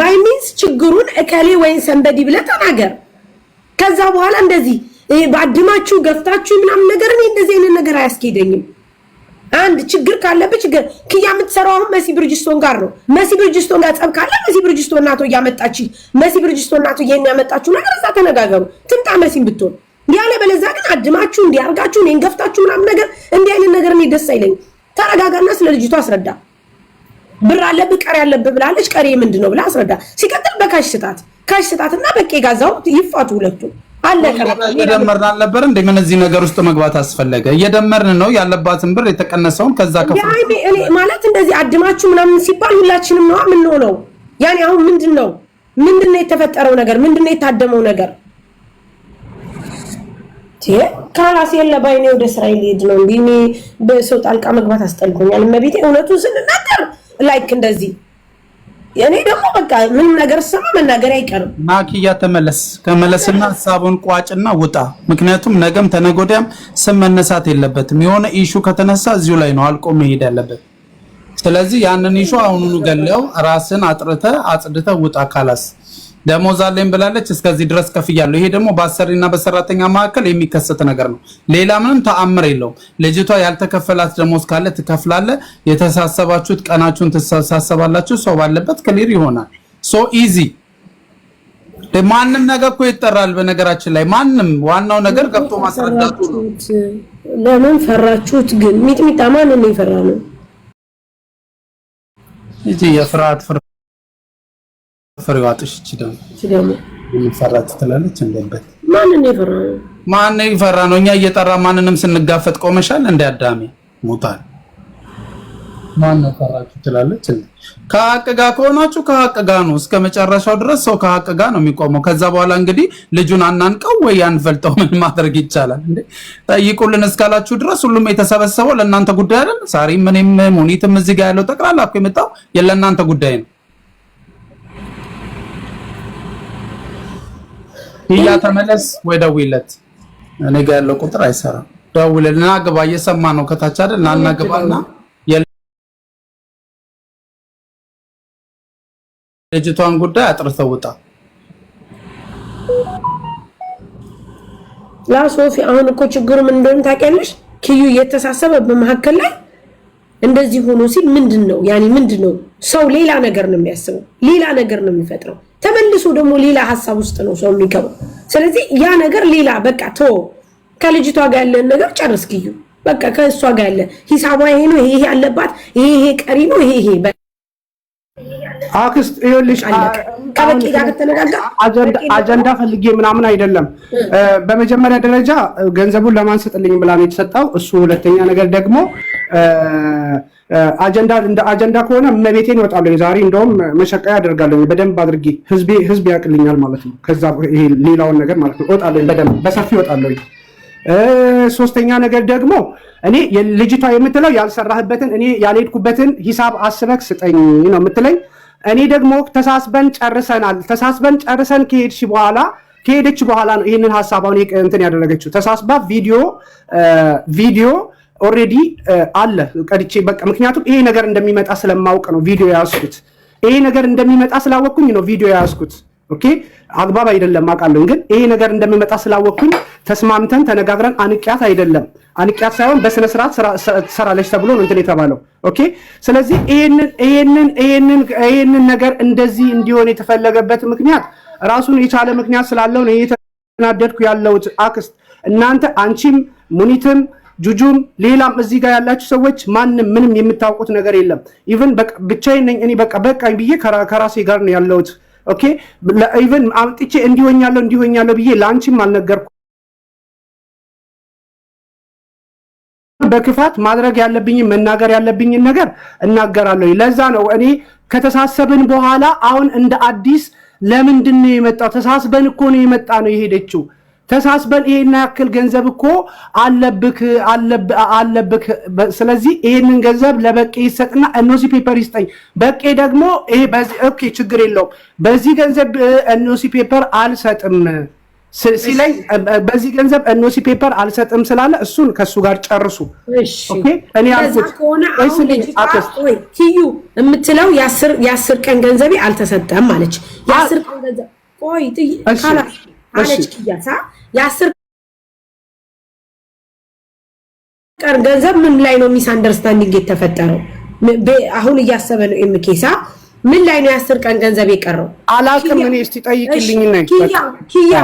ባይ ሚንስ ችግሩን እከሌ ወይም ሰንበዲ ብለህ ተናገር። ከዛ በኋላ እንደዚህ በአድማችሁ ገፍታችሁ ምናምን ነገር እኔ እንደዚህ አይነት ነገር አያስኬደኝም። አንድ ችግር ካለብህ ችግር ክያ የምትሰራው አሁን መሲ ብርጅስቶን ጋር ነው። መሲ ብርጅስቶን ጋር ጸብ ካለ መሲ ብርጅስቶን ናቶ እያመጣች መሲ ብርጅስቶን ናቶ የሚያመጣችሁ ነገር እዛ ተነጋገሩ። ትምጣ መሲን ብትሆን ያለ በለዛ ግን አድማችሁ እንዲያርጋችሁ እኔን ገፍታችሁ ምናምን ነገር እንዲህ አይነት ነገር እኔ ደስ አይለኝም። ተረጋጋና ስለ ልጅቷ አስረዳ። ብር አለብህ ቀሪ አለብህ ብላለች። ቀሪ ምንድን ነው ብላ አስረዳ። ሲቀጥል በካሽ ስጣት፣ ካሽ ስጣትና በቄ ጋዛው ይፋቱ ሁለቱ እየደመርን አልነበር እንደ ምን እዚህ ነገር ውስጥ መግባት አስፈለገ? እየደመርን ነው ያለባትን ብር የተቀነሰውን ከዛ ማለት እንደዚህ አድማችሁ ምናምን ሲባል ሁላችንም ነዋ። ምን ነው ነው ያኔ አሁን ምንድን ነው ምንድን ነው የተፈጠረው ነገር ምንድን ነው የታደመው ነገር? ከራሴ የለ ባይኔ ወደ ስራ ሄድ ነው እንዲህ። በሰው ጣልቃ መግባት አስጠልቶኛል። እመቤቴ እውነቱን ስንናገር ላይክ እንደዚህ እኔ ደግሞ በቃ ምን ነገር ስማ መናገር አይቀርም። ማኪያ ተመለስ ከመለስና ሀሳቡን ቋጭና ውጣ። ምክንያቱም ነገም ተነጎዳም ስም መነሳት የለበትም። የሆነ ኢሹ ከተነሳ እዚሁ ላይ ነው አልቆ መሄድ ያለበት። ስለዚህ ያንን ኢሹ አሁኑኑ ገለው ራስን አጥርተ አጽድተ ውጣ ካላስ ደሞዝ አለኝ ብላለች። እስከዚህ ድረስ ከፍያለሁ። ይሄ ደግሞ በአሰሪና በሰራተኛ መካከል የሚከሰት ነገር ነው። ሌላ ምንም ተአምር የለውም። ልጅቷ ያልተከፈላት ደሞዝ ካለ ትከፍላለ። የተሳሰባችሁት ቀናችሁን ትሳሰባላችሁ። ሰው ባለበት ክሊር ይሆናል። ሶ ኢዚ ማንም ነገር እኮ ይጠራል። በነገራችን ላይ ማንም ዋናው ነገር ገብቶ ማስረዳቱ ነው። ለምን ፈራችሁት ግን? ሚጥሚጣ ማንን የፈራ ነው? የፍርሃት ፍሬዋጥሽ እቺ ይችላል እቺ ደግሞ ትላለች። እንደበት ማንን ይፈራ ማንን ይፈራ ነው? እኛ እየጠራ ማንንም ስንጋፈጥ ቆመሻል። እንደ አዳሜ ሙታል ማን ፈራችሁ ትላለች። ከሀቅ ጋር ከሆናችሁ ከሀቅ ጋር ነው እስከ መጨረሻው ድረስ ሰው ከሀቅ ጋር ነው የሚቆመው። ከዛ በኋላ እንግዲህ ልጁን አናንቀው ወይ አንፈልጠው ምን ማድረግ ይቻላል? እንዴ? ጠይቁልን እስካላችሁ ድረስ ሁሉም የተሰበሰበው ለእናንተ ጉዳይ አይደል? ሳሪም፣ እኔም ሙኒትም እዚህ ጋር ያለው ጠቅላላ እኮ የመጣው ለእናንተ ጉዳይ ነው። ሂያ ተመለስ ወይ ደውይለት። እኔ ጋር ያለው ቁጥር አይሰራም። ደውልል ና ግባ። እየሰማ ነው ከታች አይደል? ና ና ግባ የልጅቷን ጉዳይ አጥርተው ውጣ። ያ አሁን እኮ ችግሩ ምን እንደሆነ ታውቂያለሽ? ኪዩ እየተሳሰበ በመሀከል ላይ እንደዚህ ሆኖ ሲል ምንድን ነው ያኔ ምንድን ነው ሰው ሌላ ነገር ነው የሚያስበው፣ ሌላ ነገር ነው የሚፈጥረው። ተመልሶ ደግሞ ሌላ ሀሳብ ውስጥ ነው ሰው የሚገባው። ስለዚህ ያ ነገር ሌላ በቃ ቶ ከልጅቷ ጋር ያለን ነገር ጨርስክዩ በቃ ከእሷ ጋር ያለ ሂሳቧ ይሄ ነው፣ ይሄ ይሄ አለባት፣ ይሄ ይሄ ቀሪ ነው፣ ይሄ ይሄ አክስት ይኸውልሽ አጀንዳ ፈልጌ ምናምን አይደለም። በመጀመሪያ ደረጃ ገንዘቡን ለማንሰጥልኝ ብላ ነው የተሰጠው እሱ። ሁለተኛ ነገር ደግሞ አጀንዳ እንደ አጀንዳ ከሆነ እመቤቴን ይወጣለኝ። ዛሬ እንደውም መሸቀያ አደርጋለኝ በደንብ አድርጌ ህዝብ ያውቅልኛል ማለት ነው። ከዛ ይሄ ሌላውን ነገር ማለት ነው እወጣለኝ፣ በደንብ በሰፊ እወጣለኝ። ሶስተኛ ነገር ደግሞ እኔ ልጅቷ የምትለው ያልሰራህበትን እኔ ያልሄድኩበትን ሂሳብ አስበክ ስጠኝ ነው የምትለኝ። እኔ ደግሞ ተሳስበን ጨርሰናል። ተሳስበን ጨርሰን ከሄድሽ በኋላ ከሄደች በኋላ ነው ይህንን ሀሳብ አሁን እንትን ያደረገችው። ተሳስባ ቪዲዮ ቪዲዮ ኦልሬዲ አለ ቀድቼ በቃ ምክንያቱም ይሄ ነገር እንደሚመጣ ስለማውቅ ነው ቪዲዮ ያስኩት ይሄ ነገር እንደሚመጣ ስላወቅኩኝ ነው ቪዲዮ ያስኩት ኦኬ አግባብ አይደለም አውቃለሁ፣ ግን ይሄ ነገር እንደሚመጣ ስላወቅኩኝ ተስማምተን ተነጋግረን አንቂያት አይደለም አንቂያት ሳይሆን በስነ ስርዓት ትሰራለች ተብሎ ነው እንትን የተባለው። ኦኬ ስለዚህ ይሄንን ነገር እንደዚህ እንዲሆን የተፈለገበት ምክንያት ራሱን የቻለ ምክንያት ስላለው ነው የተናደድኩ ያለሁት። አክስት እናንተ አንቺም ሙኒትም ጁጁም ሌላም እዚህ ጋር ያላችሁ ሰዎች ማንም ምንም የምታውቁት ነገር የለም። ኢቨን ብቻዬን ነኝ እኔ በቃ በቃኝ ብዬ ከራሴ ጋር ነው ያለሁት። ኦኬ ኢቨን አምጥቼ እንዲሆኛለሁ እንዲሆኛለሁ ብዬ ለአንቺም አልነገርኩ። በክፋት ማድረግ ያለብኝን መናገር ያለብኝን ነገር እናገራለሁ። ለዛ ነው እኔ ከተሳሰብን በኋላ አሁን እንደ አዲስ ለምንድን ነው የመጣው? ተሳስበን እኮ ነው የመጣ ነው የሄደችው ተሳስበን ይሄን ያክል ገንዘብ እኮ አለብክ አለብክ፣ ስለዚህ ይሄንን ገንዘብ ለበቄ ይሰጥና እኖሲ ፔፐር ይስጠኝ። በቄ ደግሞ ይሄ በዚህ ኦኬ፣ ችግር የለውም በዚህ ገንዘብ እኖሲ ፔፐር አልሰጥም ሲለኝ በዚህ ገንዘብ እኖሲ ፔፐር አልሰጥም ስላለ እሱን ከእሱ ጋር ጨርሱ። እኔ የምትለው የአስር ቀን ገንዘቤ አልተሰጠም አለች። የአስር ቀን ገንዘብ ቆይ አለች ቅያሳ የአስር ቀን ገንዘብ ምን ላይ ነው ሚስ አንደርስታንዲንግ የተፈጠረው? አሁን እያሰበ ነው ኤምኬሳ ምን ላይ ነው የአስር ቀን ገንዘብ የቀረው? አላውቅም እኔ እስቲ ጠይቅልኝ። ኪያ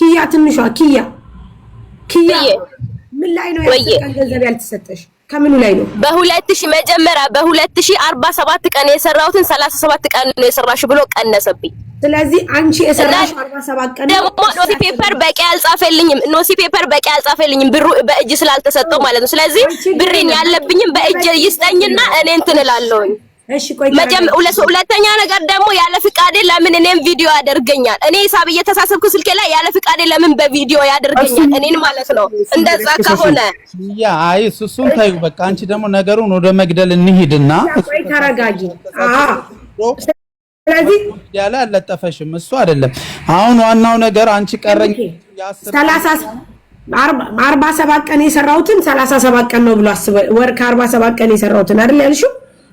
ኪያ ትንሿ ኪያ ኪያ ምን ላይ ነው የአስር ቀን ገንዘብ ያልተሰጠሽ? ከምኑ ላይ ነው? በሁለት ሺህ መጀመሪያ በሁለት ሺህ አርባ ሰባት ቀን የሰራሁትን ሰላሳ ሰባት ቀን ነው የሰራሽ ብሎ ቀነሰብኝ። ስለዚህ አንቺ የሰራሽ 47 ቀን ደግሞ ኖሲ ፔፐር በቂ አልጻፈልኝም። ኖሲ ፔፐር በቂ አልጻፈልኝም ብሩ በእጅ ስላልተሰጠው ማለት ነው። ስለዚህ ብሬን ያለብኝም በእጅ ይስጠኝና እኔ እንትን እላለሁኝ። ሁለተኛ ነገር ደግሞ ያለ ፍቃዴ ለምን እኔም ቪዲዮ ያደርገኛል? እኔ ሂሳብ እየተሳሰብኩ ስልኬ ላይ ያለ ፍቃዴ ለምን በቪዲዮ ያደርገኛል? እኔን ማለት ነው። እንደዛ ከሆነ ያ አይ እሱን ታዩ። በቃ አንቺ ደግሞ ነገሩን ወደ መግደል እንሂድና ቆይ ተረጋጊ። አዎ ያለ አልለጠፈሽም። እሱ አይደለም አሁን ዋናው ነገር አንቺ ቀረኝ። አርባ ሰባት ቀን የሰራሁትን ሰላሳ ሰባት ቀን ነው ብሎ ወር ከአርባ ሰባት ቀን የሰራሁትን አይደል ያልሽው?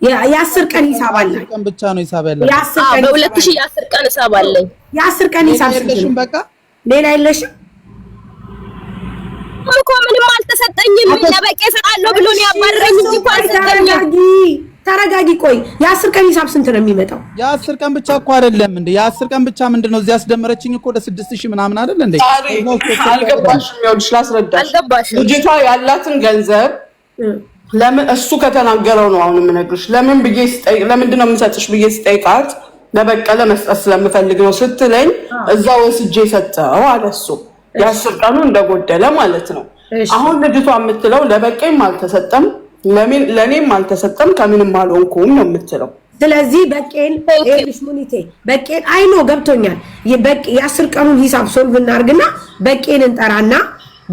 የአስር ቀን ሂሳብ አለ። ብቻ ነው ሂሳብ ያለ በሁለት ሺህ የአስር ቀን ሂሳብ አለኝ። የአስር ቀን ሂሳብ በቃ ሌላ የለሽም እኮ ምንም አልተሰጠኝም። ለበቄ እሰጣለሁ ብሎ ነው ያባረረኝ እንጂ ተረጋጊ። ቆይ የአስር ቀን ሂሳብ ስንት ነው የሚመጣው? የአስር ቀን ብቻ እኮ አይደለም እንዴ! የአስር ቀን ብቻ ምንድን ነው? እዚህ አስደመረችኝ እኮ ወደ ስድስት ሺህ ምናምን አይደለ እንዴ? አልገባሽም። ይኸውልሽ ላስረዳሽ። ልጅቷ ያላትን ገንዘብ ለምን እሱ ከተናገረው ነው አሁን የምነግርሽ። ለምን ብዬ ስጠይቅ ለምንድን ነው የምሰጥሽ ብዬ ስጠይቃት ለበቀለ መስጠት ስለምፈልግ ነው ስትለኝ እዛ ወስጄ ሰጠው አለ እሱ። የአስር ቀኑ እንደጎደለ ማለት ነው። አሁን ልጅቷ የምትለው ለበቀይም አልተሰጠም ለእኔም አልተሰጠም ከምንም አልሆንኩም ነው የምትለው። ስለዚህ በቄን ሽሙኒቴ በቄን አይኖ ገብቶኛል። የአስር ቀኑን ሂሳብ ሶልቭ እናርግና በቄን እንጠራና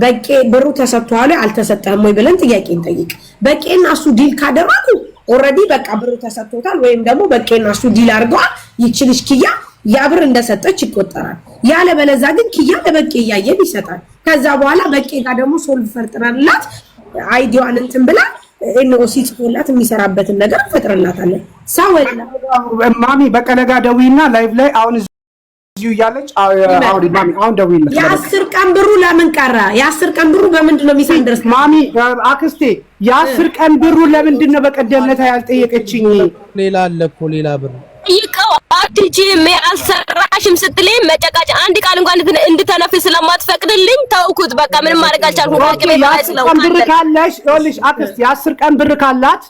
በቄ ብሩ ተሰጥቷል አልተሰጠም ወይ ብለን ጥያቄ እንጠይቅ። በቄና እሱ ዲል ካደረጉ ኦልሬዲ በቃ ብሩ ተሰጥቶታል፣ ወይም ደግሞ በቄና እሱ ዲል አድርገዋል። ይችልሽ ኪያ ያ ብር እንደሰጠች ይቆጠራል። ያለ በለዛ ግን ኪያ ለበቄ እያየን ይሰጣል። ከዛ በኋላ በቄ ጋር ደግሞ ሶልቭ ፈርጥረንላት አይዲዋን እንትን ብላል ኤንኦ ሲጽፎላት የሚሰራበትን ነገር እንፈጥርላታለን። ሳወላ ማሚ በቀለጋ ደዊና ላይቭ ላይ አሁን እዚሁ እያለች አሁን ደዊላት። የአስር ቀን ብሩ ለምን ቀረ? የአስር ቀን ብሩ በምንድን ነው ድረስ ማሚ አክስቴ የአስር ቀን ብሩ ለምንድን ነው በቀደም ዕለት ያልጠየቀችኝ? ሌላ አለ እኮ ሌላ ብር ጠይቀው አትችም አልሰራሽም ስትለኝ መጨቃጨ አንድ ቃል እንኳን እንድተነፍስ ስለማትፈቅድልኝ ተውኩት። በቃ ምንም ማድረግ አልቻልኩም። ብር ካለሽ ይኸውልሽ፣ አክስት የአስር ቀን ብር ካላት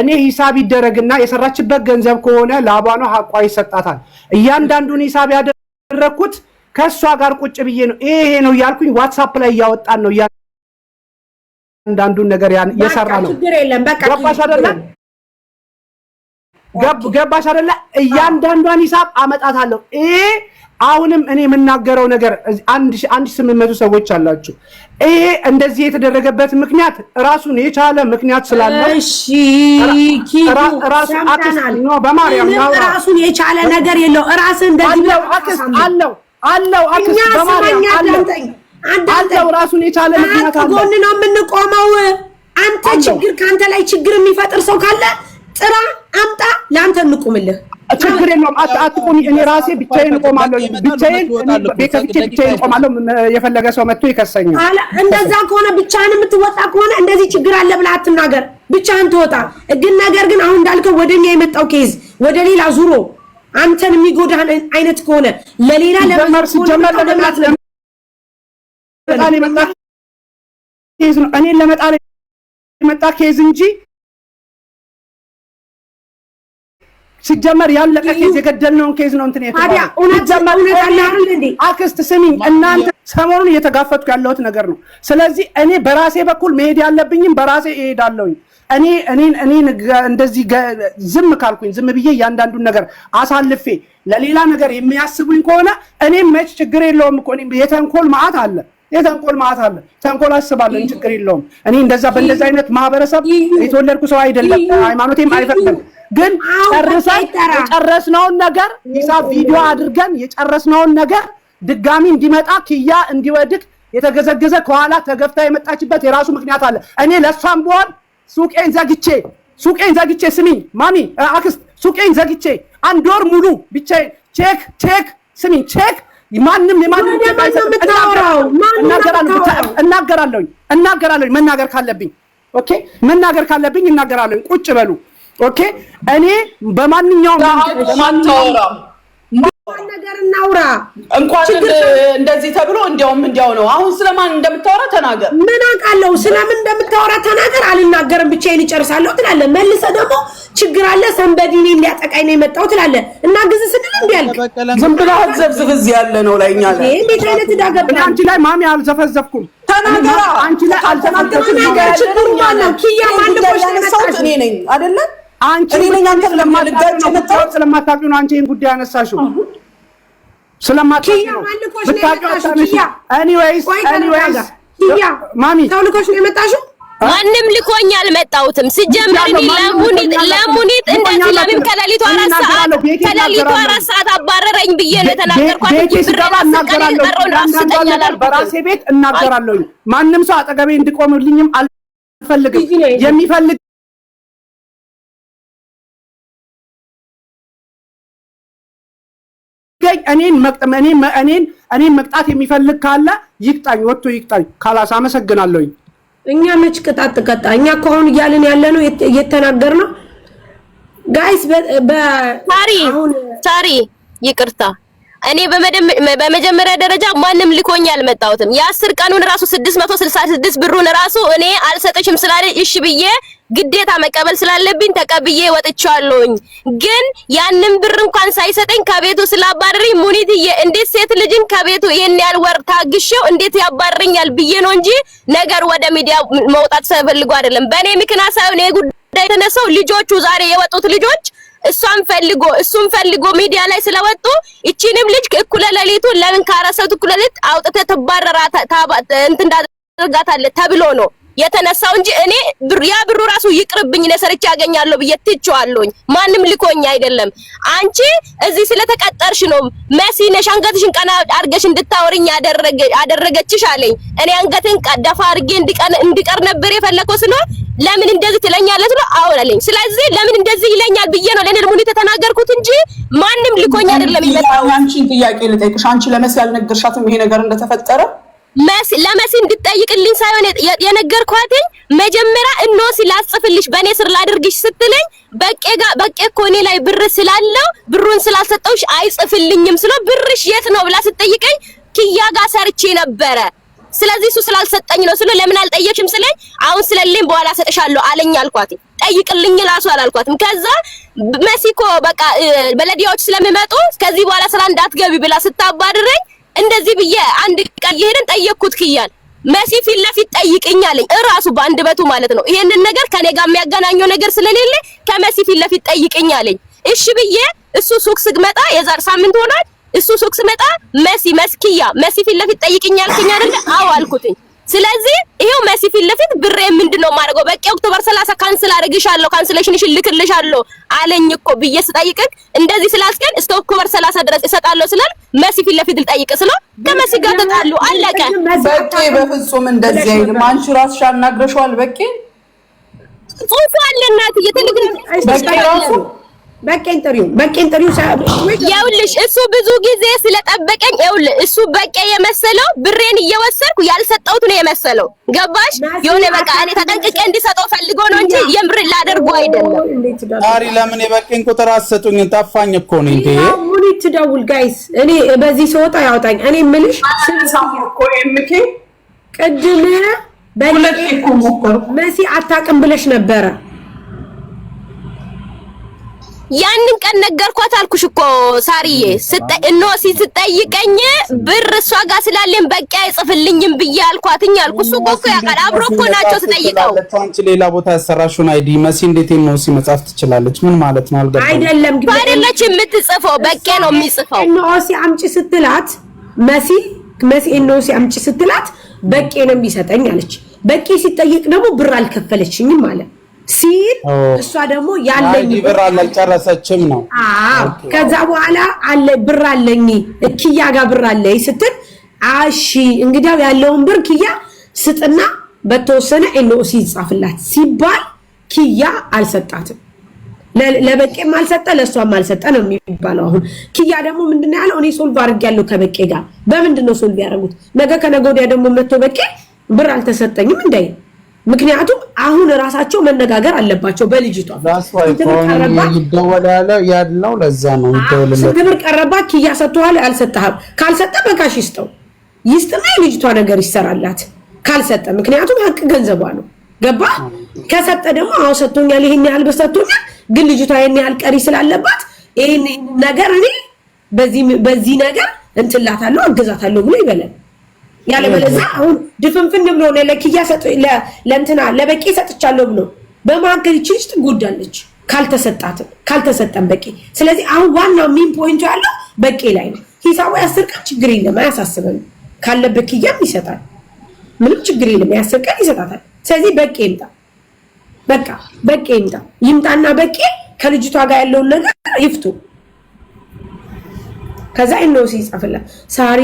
እኔ ሂሳብ ይደረግና የሰራችበት ገንዘብ ከሆነ ላባኗ ሀቋ ይሰጣታል። እያንዳንዱን ሂሳብ ያደረግኩት ከእሷ ጋር ቁጭ ብዬ ነው። ይሄ ነው እያልኩኝ ዋትሳፕ ላይ እያወጣን ነው እያንዳንዱን ነገር የሰራ ነው። ገባሽ አይደለም? ገባሽ አይደለ? እያንዳንዷን ሂሳብ አመጣታለሁ። ይሄ አሁንም እኔ የምናገረው ነገር አንድ ስምንት መቶ ሰዎች አላችሁ። ይሄ እንደዚህ የተደረገበት ምክንያት ራሱን የቻለ ምክንያት ስላለ ራሱን የቻለ ነገር የለው አለው አለው አለው ራሱን የቻለ ምክንያት አለው። ጎን ነው የምንቆመው። አንተ ችግር ከአንተ ላይ ችግር የሚፈጥር ሰው ካለ ጥራ አምጣ፣ ለአንተ እንቁምልህ። ችግር የለውም። አትቁሚ። እኔ ራሴ ብቻዬን እቆማለሁ። ብቻዬን ቤተብቼ ብቻዬን እቆማለሁ። የፈለገ ሰው መጥቶ ይከሰኛል። እንደዛ ከሆነ ብቻህን የምትወጣ ከሆነ እንደዚህ ችግር አለ ብለህ አትናገር። ብቻህን ትወጣ ግን ነገር ግን አሁን እንዳልከው ወደኛ የመጣው ኬዝ ወደ ሌላ ዙሮ አንተን የሚጎዳህን አይነት ከሆነ ለሌላ ለመጣ ኬዝ ነው እኔን ለመጣ የመጣ ኬዝ እንጂ ሲጀመር ያለቀ ኬዝ የገደልነውን ኬዝ ነው እንትን አክስት ስሚኝ፣ እናንተ ሰሞኑን እየተጋፈጥኩ ያለሁት ነገር ነው። ስለዚህ እኔ በራሴ በኩል መሄድ ያለብኝም በራሴ እሄዳለሁኝ። እኔ እኔን እኔን እንደዚህ ዝም ካልኩኝ ዝም ብዬ እያንዳንዱን ነገር አሳልፌ ለሌላ ነገር የሚያስቡኝ ከሆነ እኔም መች ችግር የለውም እኮ የተንኮል መዓት አለ የተንኮል ማዕት አለ። ተንኮል አስባለን፣ ችግር የለውም። እኔ እንደዛ በእንደዛ አይነት ማህበረሰብ የተወለድኩ ሰው አይደለም፣ ሃይማኖቴም አይፈቅድም። ግን ጨርሰን የጨረስነውን ነገር ሳ ቪዲዮ አድርገን የጨረስነውን ነገር ድጋሚ እንዲመጣ ክያ እንዲወድቅ የተገዘገዘ ከኋላ ተገፍታ የመጣችበት የራሱ ምክንያት አለ። እኔ ለእሷም ቢሆን ሱቄን ዘግቼ ሱቄን ዘግቼ ስሚ ማሚ አክስት ሱቄን ዘግቼ አንድ ወር ሙሉ ብቻ ቼክ ቼክ ስሚ ቼክ ማንም የማንም እናገራለሁኝ እናገራለሁኝ መናገር ካለብኝ ኦኬ መናገር ካለብኝ እናገራለሁኝ። ቁጭ በሉ ኦኬ። እኔ በማንኛውም ነገር እናውራ እንኳን እንደዚህ ተብሎ እንዲያውም እንዲያው ነው። አሁን ስለማን እንደምታወራ ተናገር። ምን አውቃለሁ ስለምን እንደምታወራ ተናገር። አልናገርም ብቻዬን እጨርሳለሁ ትላለህ። መልሰህ ደግሞ ችግር አለ ሰንበዲ እኔን ሊያጠቃኝ ነው የመጣው ትላለህ። እና ግዝ ስንል እንዲ ያልክ ዝም ብለህ አትዘብዝፍ። እዚህ ያለ ነው ላይ እኛ ላይ እንዴት አይነት ዳገብና አንቺ ላይ ማሚ አልዘፈዘፍኩም። ተናገራ አንቺ ላይ አልተናገርኩም። ችግሩ ማነው? ኪያ ማን ልቆሽ ተነሳሁት እኔ ነኝ አይደለም አንቺ ነኝ። አንተ ለማልጋጭ መጣው ስለማታውቂው ነው አንቺ ይሄን ጉዳይ ያነሳሽው። ስለማታውቂው ነው ብታውቂው። እኔ ወይስ እኔ ወይስ ማሚ ተው ልኮሽ ነው የመጣሽው ማንም ልኮኝ አልመጣሁትም። ሲጀምር ለሙኒት ለሙኒት እንደዚህ ለምን ከሌሊቱ አራት ሰዓት ከሌሊቱ አራት ሰዓት አባረረኝ ብዬ ነው የተናገርኳት እንጂ ብሬን አስቀሪኝ ቀረውን አስጠኝ አላልኩም። በራሴ ቤት እናገራለሁ። ማንም ሰው አጠገቤ እንዲቆምልኝም አልፈልግም። የሚፈልግ እኔን መቅጠም እኔን እኔን እኔን መቅጣት የሚፈልግ ካለ ይቅጣኝ፣ ወጥቶ ይቅጣኝ። ካላሳ አመሰግናለሁኝ። እኛ መች ቅጣት ትቀጣ? እኛ እኮ አሁን እያልን ያለ ነው እየተናገር ነው ጋይስ። በ በሳሪ ሳሪ ይቅርታ እኔ በመጀመሪያ ደረጃ ማንም ልኮኝ አልመጣሁትም። የአስር ቀኑን ራሱ 666 ብሩን ራሱ እኔ አልሰጠሽም ስላለ እሺ ብዬ ግዴታ መቀበል ስላለብኝ ተቀብዬ ወጥቻለሁኝ። ግን ያንን ብር እንኳን ሳይሰጠኝ ከቤቱ ስላባረረኝ ሙኒትዬ፣ እንዴት ሴት ልጅን ከቤቱ ይሄን ያህል ወር ታግሼው እንዴት ያባረኛል ብዬ ነው እንጂ ነገር ወደ ሚዲያ መውጣት ሳይፈልጉ አይደለም። በእኔ ምክንያት ሳይሆን ይሄ ጉዳይ የተነሳው ልጆቹ ዛሬ የወጡት ልጆች እሷን ፈልጎ እሱን ፈልጎ ሚዲያ ላይ ስለወጡ እቺንም ልጅ እኩለ ሌሊቱ ለምን ካረሰቱ እኩለ ሌሊት አውጥተህ ትባረራ እንትን እንዳደርጋታለህ ተብሎ ነው። የተነሳው እንጂ እኔ ያ ብሩ ራሱ ይቅርብኝ ለሰርቻ ያገኛለሁ ብዬ ትቼዋለሁኝ። ማንም ልኮኝ አይደለም። አንቺ እዚህ ስለተቀጠርሽ ነው መሲ ነሽ አንገትሽን ቀና አድርገሽ እንድታወሪኝ አደረገችሽ አለኝ። እኔ አንገቴን ቀደፋ አድርጌ እንድቀር ነበር የፈለከው ስለሆነ ለምን እንደዚህ ትለኛለህ አሁን አለኝ። ስለዚህ ለምን እንደዚህ ይለኛል ብዬ ነው ለኔ ልሙኒ ተተናገርኩት እንጂ ማንም ልኮኝ አይደለም። ይመጣው አንቺን ጥያቄ ልጠይቅሽ። አንቺ ለመሲ ያልነገርሻትም ይሄ ነገር እንደተፈጠረ ለመሲ እንድጠይቅልኝ ሳይሆን የነገርኳትኝ መጀመሪያ እኖ ሲላጽፍልሽ በእኔ ስር ላድርግሽ ስትለኝ በቄ ጋር በቄ እኮ እኔ ላይ ብር ስላለው ብሩን ስላልሰጠውሽ አይጽፍልኝም ስለ ብርሽ የት ነው ብላ ስትጠይቀኝ ኪያ ጋር ሰርቼ ነበረ ስለዚህ እሱ ስላልሰጠኝ ነው ስለ ለምን አልጠየቅሽም ስለኝ አሁን ስለሌለኝ በኋላ ሰጥሻለሁ አለኝ አልኳት። ጠይቅልኝ ራሱ አላልኳትም። ከዛ መሲኮ በቃ በለዲያዎች ስለሚመጡ ከዚህ በኋላ ስራ እንዳትገቢ ብላ ስታባድረኝ እንደዚህ ብዬ አንድ ቀን ይሄንን ጠየቅኩት ክያን መሲ ፊት ለፊት ጠይቅኛለኝ እራሱ በአንድ በቱ ማለት ነው። ይሄንን ነገር ከኔ ጋር የሚያገናኘው ነገር ስለሌለ ከመሲ ፊት ለፊት ጠይቅኛለኝ። እሺ ብዬ እሱ ሱቅ ስመጣ የዛር ሳምንት ሆኗል። እሱ ሱቅ ስመጣ መሲ መስኪያ መሲ ፊት ለፊት ጠይቅኝ አልከኝ አይደለ? አዎ አልኩትኝ። ስለዚህ ይሄው መሲ ፊት ለፊት ብሬ ምንድነው ማድረገው? በቃ ኦክቶበር 30 ካንስል አድርግሻለሁ ካንስሌሽንሽን ልክልሻለሁ አለኝ እኮ ብዬ ስጠይቅህ እንደዚህ ስላልከኝ እስከ ኦክቶበር 30 ድረስ እሰጣለሁ ስላል መሲ ፊት ለፊት ልጠይቅ ስለው ከመሲ ጋር ተጣሉ። አለቀ። በቂ በፍጹም እንደዚህ አይልም። አንቺ ራስሽ አናግረሽዋል። በቂ ጽሁፉ አለ እናትዬ ትልቅ በቂ ራሱ በቄንጥሪው በቄንጥሪው ይኸውልሽ፣ እሱ ብዙ ጊዜ ስለጠበቀኝ ይኸውልሽ፣ እሱ በቄ የመሰለው ብሬን እየወሰድኩ ያልሰጠሁት ነው የመሰለው። ገባሽ? የሆነ በቃ እኔ ተጠንቅቄ እንዲሰጠው ፈልጎ ነው እንጂ የምር ላደርጎ አይደለም። ዛሬ ለምን የበቄን ቁጥር አሰጡኝ? ጠፋኝ እኮ ነው እንዴ። ሙኒት ደውል ጋይስ፣ እኔ በዚህ ሰውጣ ያውጣኝ። እኔ ምልሽ ስልሳሁ ቅድም በሁለት መሲ አታውቅም ብለሽ ነበረ ያንን ቀን ነገርኳት አልኩሽ እኮ ሳሪዬ፣ ሳርዬ፣ እኖሲ ስጠይቀኝ ብር እሷ ጋር ስላለኝ በቂ አይጽፍልኝም ብዬ አልኳትኝ አልኩ። እሱ እኮ እኮ ያውቃል፣ አብሮ እኮ ናቸው ስጠይቀው። አንቺ ሌላ ቦታ ያሰራሽውን አይዲ መሲ እንዴት እኖሲ መጻፍ ትችላለች? ምን ማለት ነው? አልገባም። አይደለም ግን አይደለች የምትጽፈው፣ በቂ ነው የሚጽፈው። እኖ ሲ አምጪ ስትላት መሲ መሲ እኖ ሲ አምጪ ስትላት በቂ ነው የሚሰጠኝ አለች። በቂ ሲጠይቅ ደግሞ ብር አልከፈለችኝም ማለት ሲል እሷ ደግሞ ያለኝ ብር አልጨረሰችም ነው። ከዛ በኋላ አለ ብር አለኝ ኪያ ጋር ብር አለኝ ስትል አሺ እንግዲያው ያለውን ብር ኪያ ስጥና በተወሰነ ኤልኦሲ ይጻፍላት ሲባል ክያ አልሰጣትም። ለበቄም አልሰጠ ለእሷም አልሰጠ ነው የሚባለው። አሁን ክያ ደግሞ ምንድነው ያለው? እኔ ሶልቭ አድርጌያለሁ ከበቄ ጋር። በምንድን ነው ሶልቭ ያደረጉት? ነገ ከነገ ወዲያ ደግሞ መጥቶ በቄ ብር አልተሰጠኝም እንዳይ ምክንያቱም አሁን እራሳቸው መነጋገር አለባቸው። በልጅቷ ለዛ ነው። ስንትብር ቀረባ ክያ ሰጥተዋል አልሰጠህም። ካልሰጠ በካሽ ይስጠው ይስጥና የልጅቷ ነገር ይሰራላት። ካልሰጠ ምክንያቱም ሀቅ ገንዘቧ ነው። ገባ ከሰጠ ደግሞ አሁ ሰጥቶኛል፣ ይህን ያህል በሰጥቶኛል፣ ግን ልጅቷ ይህን ያህል ቀሪ ስላለባት ይህን ነገር እኔ በዚህ ነገር እንትላታለሁ፣ አግዛታለሁ ብሎ ይበላል። ያለበለዚያ አሁን ድፍንፍን ብሎ ለኪያ ለእንትና ለበቂ ሰጥቻለሁ ብሎ በመካከል ይችልች ትጎዳለች፣ ካልተሰጣትም ካልተሰጠም በቂ። ስለዚህ አሁን ዋናው ሚን ፖይንቱ ያለው በቂ ላይ ነው። ሂሳቡ የአስር ቀን ችግር የለም አያሳስብም። ካለበት ኪያም ይሰጣል፣ ምንም ችግር የለም። የአስር ቀን ይሰጣታል። ስለዚህ በቂ ይምጣ፣ በቃ በቂ ይምጣ። ይምጣና በቂ ከልጅቷ ጋር ያለውን ነገር ይፍቱ። ከዛ ኢኖሲ ይጻፍላል። ሳሪ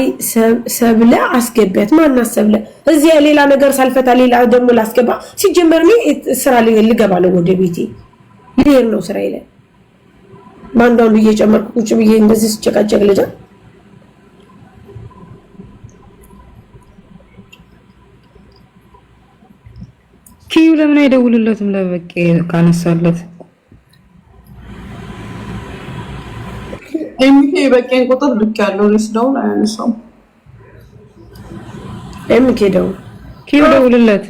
ሰብለ አስገቢያት። ማና ሰብለ? እዚያ ሌላ ነገር ሳልፈታ ሌላ ደግሞ ላስገባ። ሲጀመር ስራ ልገባ ነው፣ ወደ ቤቴ ልሄድ ነው። ስራ ይላል። በአንዳንዱ እየጨመርኩ ቁጭ ብዬ እንደዚህ ስጨቃጨቅ ልጃ ኪዩ ለምን አይደውልለትም? ለበቄ ካነሳለት ኤምኬ የበቄን ቁጥር ልክ ያለው ደውል አያነሳውም። ኤምኬ ደውል ኪው ደውልለት